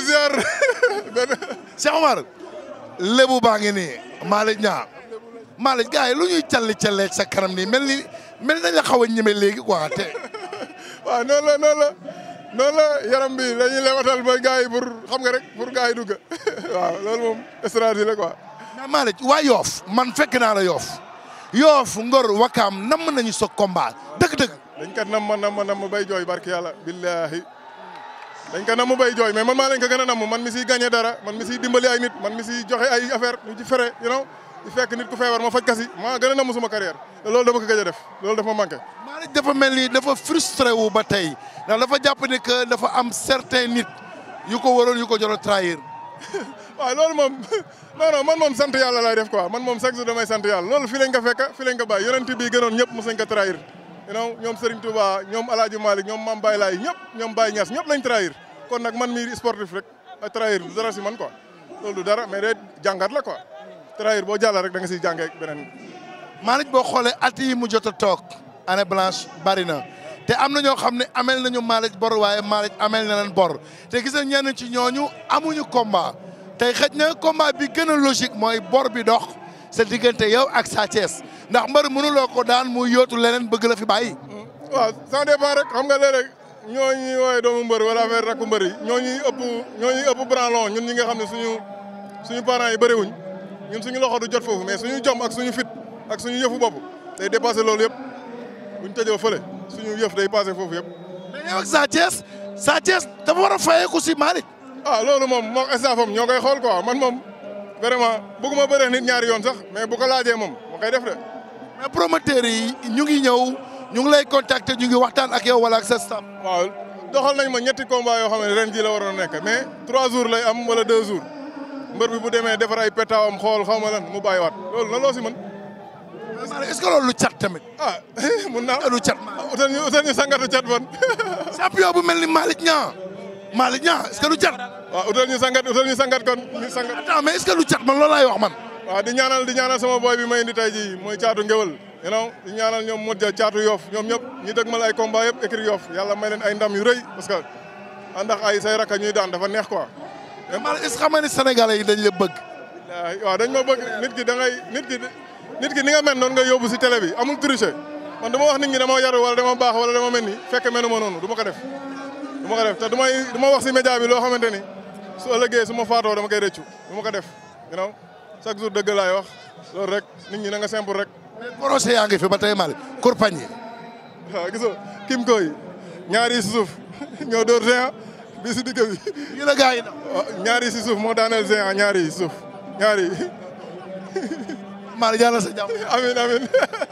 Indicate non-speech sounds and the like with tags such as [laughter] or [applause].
ziar Cheikh Omar baa ngi nii Malick Niang Malick gars yi lu ñuy calli sa kanam nii mel ni mel nañ la xaw a ñeme léegi quoi te waaw noonu la noonu la yaram bi dañuy lewatal ba gars yi xam nga rek pour gars yi dugg [laughs] waaw loolu moom stratégie la quoi mais waa yoof man fekk naa la yoof yoof ngor wakaam nam nañu sa combat dëgg-dëgg dañ kat nam ma nam ma nam ma bay jooy barki yàlla billahi dañ ko namu bay joy mais man ma leen ko gëna namu man mi ci gagné dara man mi ci dimbali ay nit man mi ci joxe ay affaire ñu ci féré you know di fekk nit ku feebar ma fajj kasi ma gëna namu suma carrière te loolu dama ko gëja def loolu dafa ma manqué dafa melni dafa frustré wu ba tey ndax dafa japp ni que dafa am certain nit yu ko waron yu ko joro trahir [laughs] wa loolu mom [laughs] non non man mom sante yalla lay def quoi man mom chaque jour damay sant yàlla loolu fi lañ ko fekk fi lañ ko bay yonent bi gënon ñëpp mësuñ ko trahir you know ñom Serigne Touba ñom Alaaji malik ñom mam Baye Laye ñëpp ñoom Baye Niass ñëpp lañ trahir kon nag man mii sportif rek trahir du dara si man quoi loolu dara mais day jàngat la ko trahir boo jàll rek da nga siy jàngee beneen. Malick boo xoolee at yi mu jot a toog année blanche bari na te am na ñoo xam ne amel nañu Malick bor waaye Malick ameel na leen bor te gis na ñenn ci ñooñu amuñu komba tey xëj na combat bi gën logique mooy bor bi dox sa diggante yow ak Sa ndax mbari mënuloo ko daan mu yóotu leneen bëgg la fi bàyyi. waaw ça rek xam nga ñoo ñuy woowee doomu mbër wala affaire rakku mbër yi ñoo ñuy ëpp ñoo ñuy ëpp ñun ñi nga xam ne suñu suñu parents yi bëriwuñ ñun suñu loxo du jot foofu mais suñu jom ak suñu fit ak suñu yëfu bopp day dépassé loolu yëpp buñ tëjoo fële suñu yëf day passé foofu yëpp. mais yow ak Sa Thiès dafa war a fayeeku si Malick. ah loolu moom moo estafam ñoo koy xool quoi man moom vraiment bëgguma bëree nit ñaari yoon sax mais bu ko laajee moom moo koy def de. mais promoteurs yi ñu ngi ñëw. ñu ngi lay contacter ñu ngi waxtaan ak yow wala ak sa staff. waaw doxal nañ ma ñetti combat yoo xam ne ren jii la waroon nekk mais trois jours lay am wala deux jours mbër bi bu demee defar ay pétawam xool xaw ma lan mu bàyyiwaat loolu na loo si mën. est-ce lu cat tamit. ah [laughs] mun naa lu cat. Ah, utal ñu utal ñu sangatu cat bon. [laughs] champion bu mel ni Malick Niang Malick Niang est-ce que lu cat. waaw utal ñu sangat mais est lu cat man loolu laay wax man. waaw di ñaanal di ñaanal sama boy bi may indi tey jii mooy caatu you know ñu ñaanal ñoom Modja caatu yoof ñoom ñëpp ñu dëgmal ay combat yëpp écrit yoof yàlla may leen ay ndam yu rëy parce que àndax ay say rakk ñuy daan dafa neex quoi. mais man est-ce que xam nga yi dañ lee bëgg. waaw dañ ma bëgg nit ki da ngay nit ki nit ki ni nga mel noonu nga yóbbu si télé bi amul tricher man dama wax nit ñi dama yaru wala dama baax wala dama mel ni fekk melu ma noonu du ma ko def. du ma te du may wax si média bi loo xamante ni su ëllëgee su ma faatoo dama koy rëccu du ma ko def you know chaque jour dëgg wax loolu rek nit ñi na nga simple rek mais projet yaa ngi fi ba Koy ñaari suuf [laughs] ñoo door Géant bi si digg bi. ñu ne gars yi ñaari si suuf moo daaneel Géant ñaari suuf ñaari. maa ngi jàllale sa jàmm [laughs] amiin amiin. [laughs]